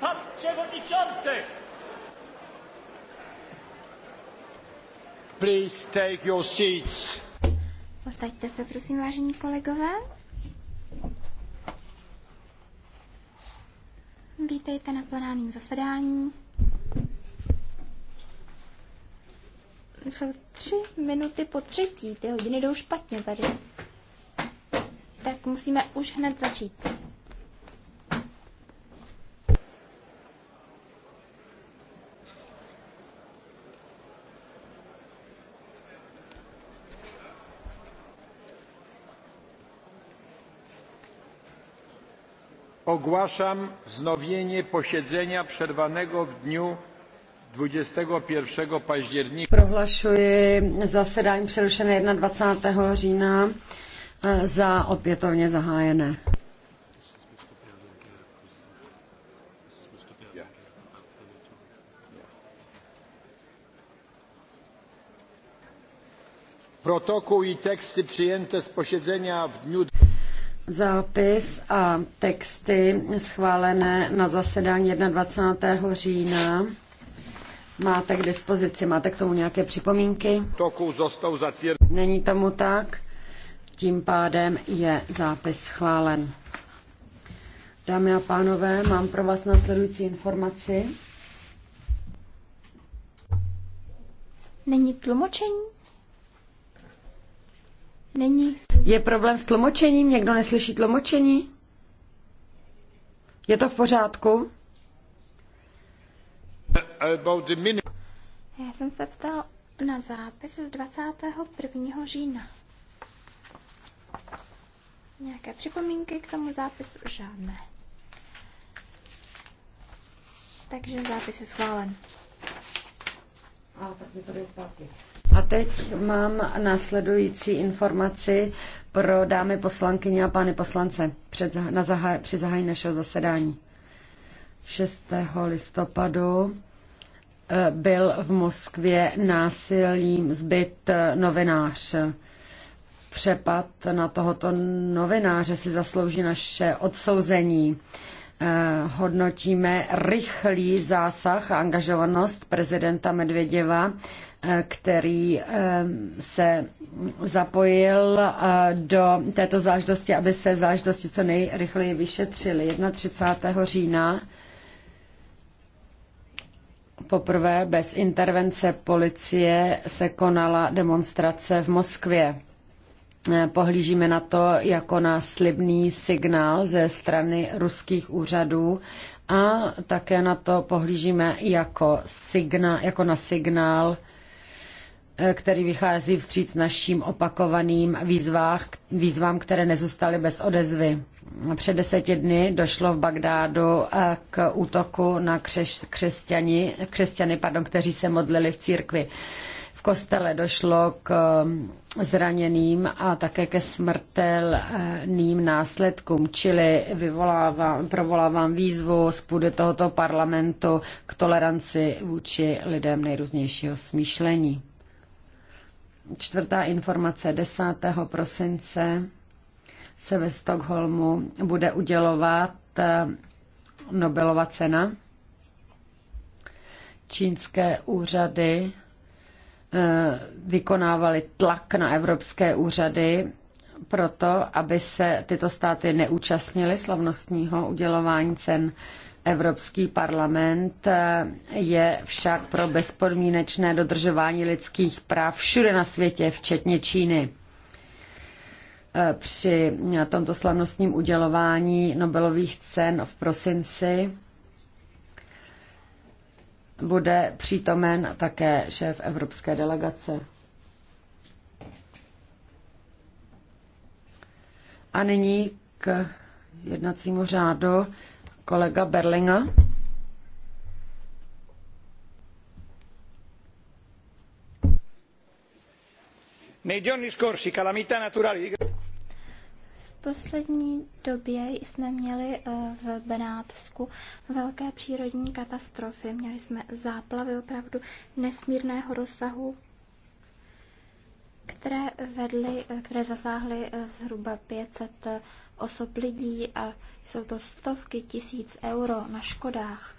Pan Przewodniczący! Please take your seats. Postaďte se, prosím, vážení kolegové. Vítejte na plenárním zasedání. Jsou tři minuty po třetí, ty hodiny jdou špatně tady. Tak musíme už hned začít. Ogłaszam wznowienie posiedzenia przerwanego w dniu 21 października. Prohlašuji zasedání přerušené 21. října e, za opětovně zahájené. Protokół i teksty przyjęte z posiedzenia w dniu Zápis a texty schválené na zasedání 21. října máte k dispozici. Máte k tomu nějaké připomínky? Není tomu tak? Tím pádem je zápis schválen. Dámy a pánové, mám pro vás následující informaci. Není tlumočení? Není. Je problém s tlumočením? Někdo neslyší tlumočení? Je to v pořádku? Já jsem se ptal na zápis z 21. října. Nějaké připomínky k tomu zápisu? Žádné. Takže zápis je schválen. A tak mi to jde zpátky. A teď mám následující informaci pro dámy poslankyně a pány poslance před, na zahaj, při zahájení našeho zasedání. 6. listopadu eh, byl v Moskvě násilím zbyt eh, novinář. Přepad na tohoto novináře si zaslouží naše odsouzení eh, hodnotíme rychlý zásah a angažovanost prezidenta Medvěděva který eh, se zapojil eh, do této záždosti, aby se záždosti co nejrychleji vyšetřily. 31. října poprvé bez intervence policie se konala demonstrace v Moskvě. Eh, pohlížíme na to jako na slibný signál ze strany ruských úřadů a také na to pohlížíme jako, signál, jako na signál který vychází vstříc naším opakovaným výzvách, výzvám, které nezůstaly bez odezvy. Před deseti dny došlo v Bagdádu eh, k útoku na křeš, křesťany, pardon, kteří se modlili v církvi. V kostele došlo k eh, zraněným a také ke smrtelným následkům, čili vyvolávám, provolávám výzvu z půdy tohoto parlamentu k toleranci vůči lidem nejrůznějšího smýšlení. Čtvrtá informace 10. prosince se ve Stockholmu bude udělovat eh, Nobelova cena. Čínské úřady eh, vykonávaly tlak na evropské úřady proto, aby se tyto státy neúčastnily slavnostního udělování cen. Evropský parlament eh, je však pro bezpodmínečné dodržování lidských práv všude na světě, včetně Číny. Eh, při tomto slavnostním udělování Nobelových cen v prosinci bude přítomen také šéf evropské delegace. A nyní k jednacímu řádu. Kolega Berlinga. scorsi v poslední době jsme měli eh, v Benátsku velké přírodní katastrofy. Měli jsme záplavy opravdu nesmírného rozsahu, které vedly, které zasáhly eh, zhruba 500 eh, osob lidí a jsou to stovky tisíc euro na škodách.